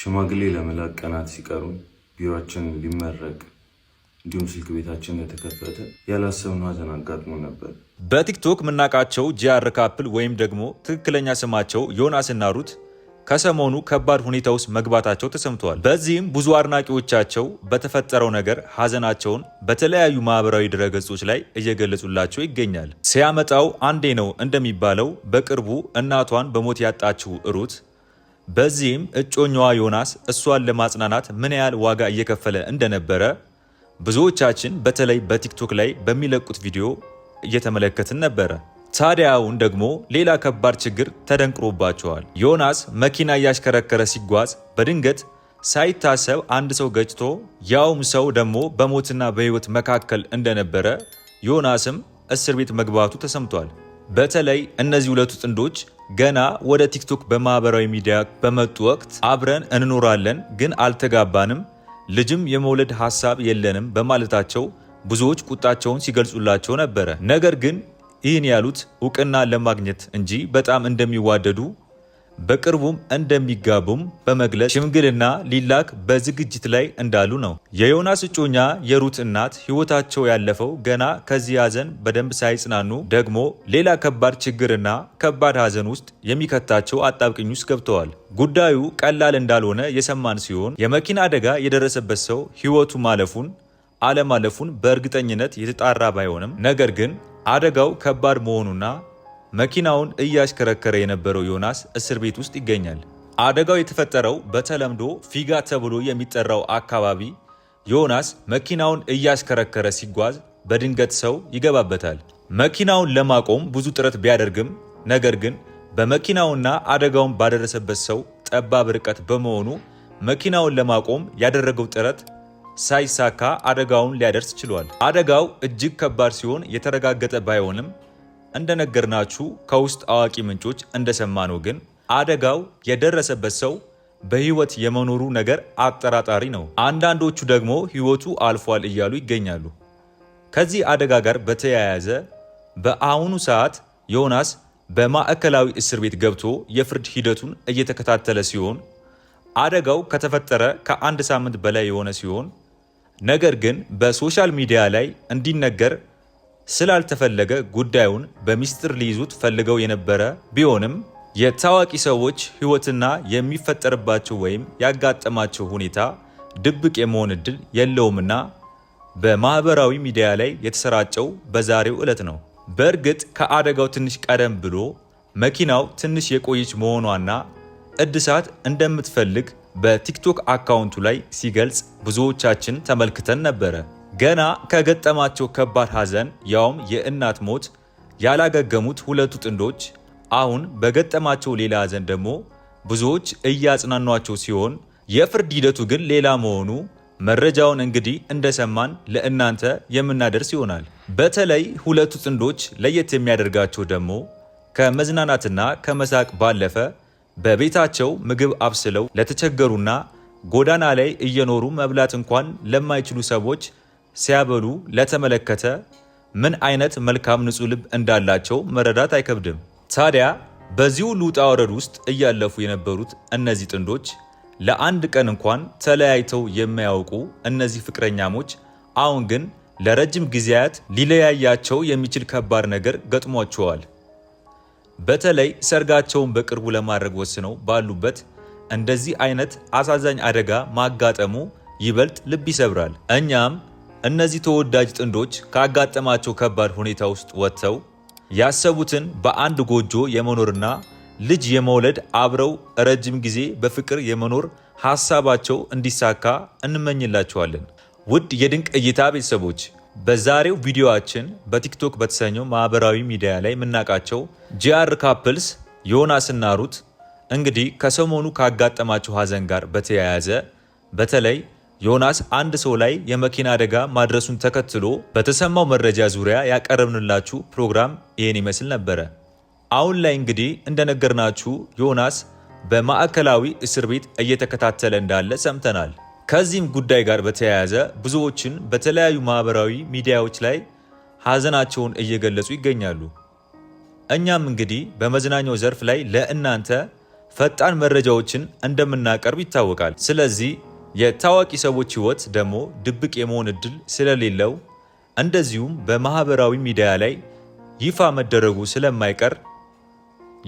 ሽማግሌ ለመላክ ቀናት ሲቀሩን ቢሮችን ሊመረቅ እንዲሁም ስልክ ቤታችን የተከፈተ ያላሰብነው ሀዘን አጋጥሞ ነበር። በቲክቶክ የምናውቃቸው ጂአር ካፕል ወይም ደግሞ ትክክለኛ ስማቸው ዮናስና ሩት ከሰሞኑ ከባድ ሁኔታ ውስጥ መግባታቸው ተሰምተዋል። በዚህም ብዙ አድናቂዎቻቸው በተፈጠረው ነገር ሀዘናቸውን በተለያዩ ማህበራዊ ድረገጾች ላይ እየገለጹላቸው ይገኛል። ሲያመጣው አንዴ ነው እንደሚባለው በቅርቡ እናቷን በሞት ያጣችው ሩት በዚህም እጮኛዋ ዮናስ እሷን ለማጽናናት ምን ያህል ዋጋ እየከፈለ እንደነበረ ብዙዎቻችን በተለይ በቲክቶክ ላይ በሚለቁት ቪዲዮ እየተመለከትን ነበረ። ታዲያውን ደግሞ ሌላ ከባድ ችግር ተደንቅሮባቸዋል። ዮናስ መኪና እያሽከረከረ ሲጓዝ በድንገት ሳይታሰብ አንድ ሰው ገጭቶ ያውም ሰው ደግሞ በሞትና በሕይወት መካከል እንደነበረ ዮናስም እስር ቤት መግባቱ ተሰምቷል። በተለይ እነዚህ ሁለቱ ጥንዶች ገና ወደ ቲክቶክ በማህበራዊ ሚዲያ በመጡ ወቅት አብረን እንኖራለን ግን አልተጋባንም፣ ልጅም የመውለድ ሀሳብ የለንም በማለታቸው ብዙዎች ቁጣቸውን ሲገልጹላቸው ነበረ። ነገር ግን ይህን ያሉት እውቅና ለማግኘት እንጂ በጣም እንደሚዋደዱ በቅርቡም እንደሚጋቡም በመግለጽ ሽምግልና ሊላክ በዝግጅት ላይ እንዳሉ ነው። የዮናስ እጮኛ የሩት እናት ሕይወታቸው ያለፈው ገና ከዚህ ሀዘን በደንብ ሳይጽናኑ ደግሞ ሌላ ከባድ ችግርና ከባድ ሐዘን ውስጥ የሚከታቸው አጣብቅኝ ውስጥ ገብተዋል። ጉዳዩ ቀላል እንዳልሆነ የሰማን ሲሆን የመኪና አደጋ የደረሰበት ሰው ሕይወቱ ማለፉን አለማለፉን በእርግጠኝነት የተጣራ ባይሆንም ነገር ግን አደጋው ከባድ መሆኑና መኪናውን እያሽከረከረ የነበረው ዮናስ እስር ቤት ውስጥ ይገኛል። አደጋው የተፈጠረው በተለምዶ ፊጋ ተብሎ የሚጠራው አካባቢ ዮናስ መኪናውን እያሽከረከረ ሲጓዝ በድንገት ሰው ይገባበታል። መኪናውን ለማቆም ብዙ ጥረት ቢያደርግም ነገር ግን በመኪናውና አደጋውን ባደረሰበት ሰው ጠባብ ርቀት በመሆኑ መኪናውን ለማቆም ያደረገው ጥረት ሳይሳካ አደጋውን ሊያደርስ ችሏል። አደጋው እጅግ ከባድ ሲሆን የተረጋገጠ ባይሆንም እንደነገርናችሁ ከውስጥ አዋቂ ምንጮች እንደሰማነው ግን አደጋው የደረሰበት ሰው በህይወት የመኖሩ ነገር አጠራጣሪ ነው። አንዳንዶቹ ደግሞ ህይወቱ አልፏል እያሉ ይገኛሉ። ከዚህ አደጋ ጋር በተያያዘ በአሁኑ ሰዓት ዮናስ በማዕከላዊ እስር ቤት ገብቶ የፍርድ ሂደቱን እየተከታተለ ሲሆን አደጋው ከተፈጠረ ከአንድ ሳምንት በላይ የሆነ ሲሆን ነገር ግን በሶሻል ሚዲያ ላይ እንዲነገር ስላልተፈለገ ጉዳዩን በሚስጥር ሊይዙት ፈልገው የነበረ ቢሆንም የታዋቂ ሰዎች ህይወትና የሚፈጠርባቸው ወይም ያጋጠማቸው ሁኔታ ድብቅ የመሆን እድል የለውምና በማኅበራዊ ሚዲያ ላይ የተሰራጨው በዛሬው ዕለት ነው። በእርግጥ ከአደጋው ትንሽ ቀደም ብሎ መኪናው ትንሽ የቆየች መሆኗና እድሳት እንደምትፈልግ በቲክቶክ አካውንቱ ላይ ሲገልጽ ብዙዎቻችን ተመልክተን ነበረ። ገና ከገጠማቸው ከባድ ሐዘን ያውም የእናት ሞት ያላገገሙት ሁለቱ ጥንዶች አሁን በገጠማቸው ሌላ ሐዘን ደግሞ ብዙዎች እያጽናኗቸው ሲሆን የፍርድ ሂደቱ ግን ሌላ መሆኑ መረጃውን እንግዲህ እንደሰማን ለእናንተ የምናደርስ ይሆናል። በተለይ ሁለቱ ጥንዶች ለየት የሚያደርጋቸው ደግሞ ከመዝናናትና ከመሳቅ ባለፈ በቤታቸው ምግብ አብስለው ለተቸገሩና ጎዳና ላይ እየኖሩ መብላት እንኳን ለማይችሉ ሰዎች ሲያበሉ ለተመለከተ ምን አይነት መልካም ንጹህ ልብ እንዳላቸው መረዳት አይከብድም። ታዲያ በዚህ ሉጣ ውጣ ውረድ ውስጥ እያለፉ የነበሩት እነዚህ ጥንዶች ለአንድ ቀን እንኳን ተለያይተው የማያውቁ እነዚህ ፍቅረኛሞች አሁን ግን ለረጅም ጊዜያት ሊለያያቸው የሚችል ከባድ ነገር ገጥሟቸዋል። በተለይ ሰርጋቸውን በቅርቡ ለማድረግ ወስነው ባሉበት እንደዚህ አይነት አሳዛኝ አደጋ ማጋጠሙ ይበልጥ ልብ ይሰብራል። እኛም እነዚህ ተወዳጅ ጥንዶች ካጋጠማቸው ከባድ ሁኔታ ውስጥ ወጥተው ያሰቡትን በአንድ ጎጆ የመኖርና ልጅ የመውለድ አብረው ረጅም ጊዜ በፍቅር የመኖር ሀሳባቸው እንዲሳካ እንመኝላቸዋለን። ውድ የድንቅ እይታ ቤተሰቦች በዛሬው ቪዲዮአችን በቲክቶክ በተሰኘው ማህበራዊ ሚዲያ ላይ የምናውቃቸው ጂአር ካፕልስ ዮናስና ሩት እንግዲህ ከሰሞኑ ካጋጠማቸው ሀዘን ጋር በተያያዘ በተለይ ዮናስ አንድ ሰው ላይ የመኪና አደጋ ማድረሱን ተከትሎ በተሰማው መረጃ ዙሪያ ያቀረብንላችሁ ፕሮግራም ይህን ይመስል ነበረ። አሁን ላይ እንግዲህ እንደነገርናችሁ ዮናስ በማዕከላዊ እስር ቤት እየተከታተለ እንዳለ ሰምተናል። ከዚህም ጉዳይ ጋር በተያያዘ ብዙዎችን በተለያዩ ማህበራዊ ሚዲያዎች ላይ ሀዘናቸውን እየገለጹ ይገኛሉ። እኛም እንግዲህ በመዝናኛው ዘርፍ ላይ ለእናንተ ፈጣን መረጃዎችን እንደምናቀርብ ይታወቃል። ስለዚህ የታዋቂ ሰዎች ህይወት ደግሞ ድብቅ የመሆን እድል ስለሌለው እንደዚሁም በማህበራዊ ሚዲያ ላይ ይፋ መደረጉ ስለማይቀር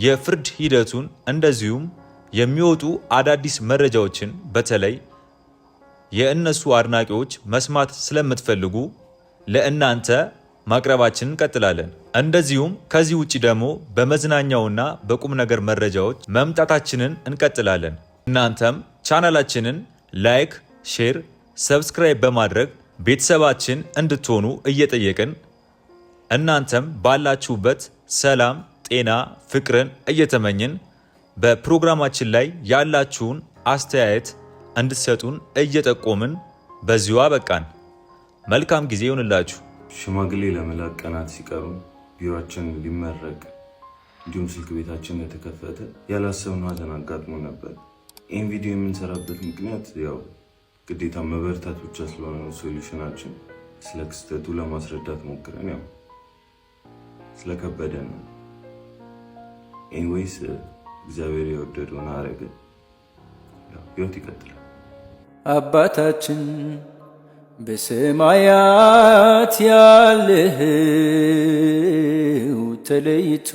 የፍርድ ሂደቱን እንደዚሁም የሚወጡ አዳዲስ መረጃዎችን በተለይ የእነሱ አድናቂዎች መስማት ስለምትፈልጉ ለእናንተ ማቅረባችንን እንቀጥላለን። እንደዚሁም ከዚህ ውጭ ደግሞ በመዝናኛውና በቁም ነገር መረጃዎች መምጣታችንን እንቀጥላለን። እናንተም ቻናላችንን ላይክ፣ ሼር፣ ሰብስክራይብ በማድረግ ቤተሰባችን እንድትሆኑ እየጠየቅን እናንተም ባላችሁበት ሰላም፣ ጤና፣ ፍቅርን እየተመኝን በፕሮግራማችን ላይ ያላችሁን አስተያየት እንድትሰጡን እየጠቆምን በዚሁ አበቃን። መልካም ጊዜ ይሁንላችሁ። ሽማግሌ ለመላክ ቀናት ሲቀሩ ቢሮችን ሊመረቅ እንዲሁም ስልክ ቤታችን የተከፈተ ያላሰብነው ሀዘን አጋጥሞ ነበር። ይህን ቪዲዮ የምንሰራበት ምክንያት ያው ግዴታ መበርታት ብቻ ስለሆነ ነው። ሶሉሽናችን ስለ ክስተቱ ለማስረዳት ሞክረን ያው ስለከበደ ነው። ኤኒዌይስ እግዚአብሔር የወደደውን አረገ። ህይወት ይቀጥላል። አባታችን በሰማያት ያለህው ተለይቶ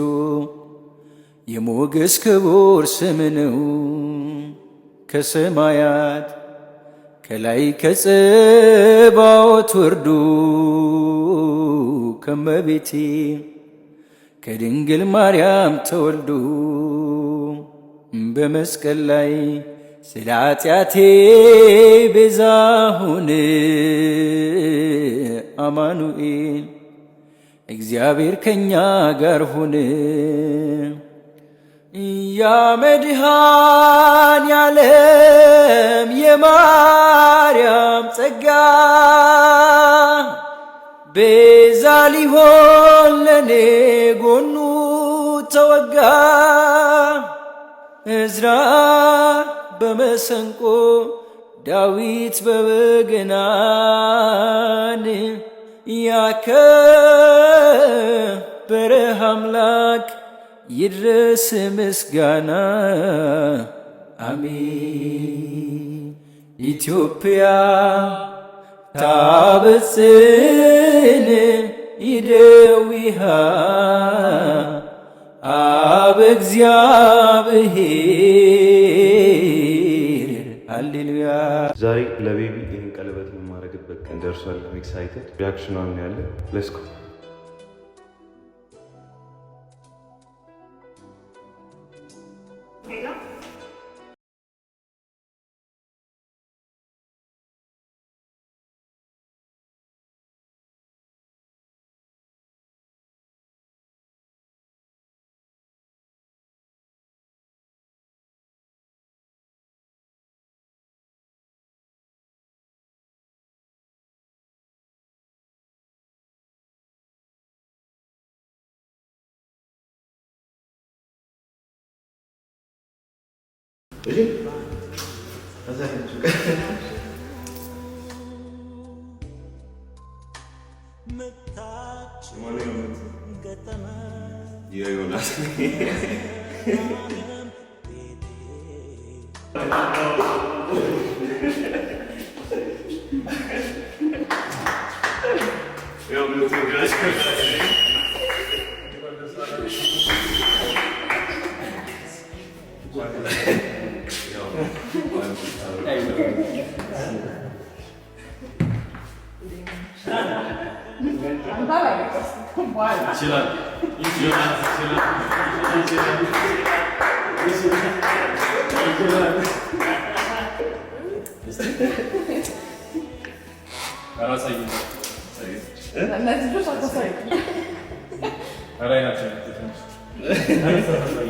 የሞገስ ክቡር ስም ነው። ከሰማያት ከላይ ከጽባዖት ወርዶ ከመቤቴ ከድንግል ማርያም ተወልዱ በመስቀል ላይ ስለ ኃጢአቴ ቤዛ ሆነ አማኑኤል እግዚአብሔር ከእኛ ጋር ሆነ። ያመድሃን ያለም የማርያም ጸጋ ቤዛ ሊሆን ለኔ ጎኑ ተወጋ እዝራ በመሰንቆ ዳዊት በበገናን ያከበረህ አምላክ ይድረስ ምስጋና አሜን። ኢትዮጵያ ታበጽን ይደዊሃ አብ እግዚአብሔር ሃሌሉያ። ዛሬ ለቤቢ ይህን ቀለበት ቀን ደርሷል። ኤክሳይትድ ያለ Yeah, I'm gonna take a አላሳይም። እነዚህ ልጆች አታሳይም። ኧረ አይናቸው ትንሽ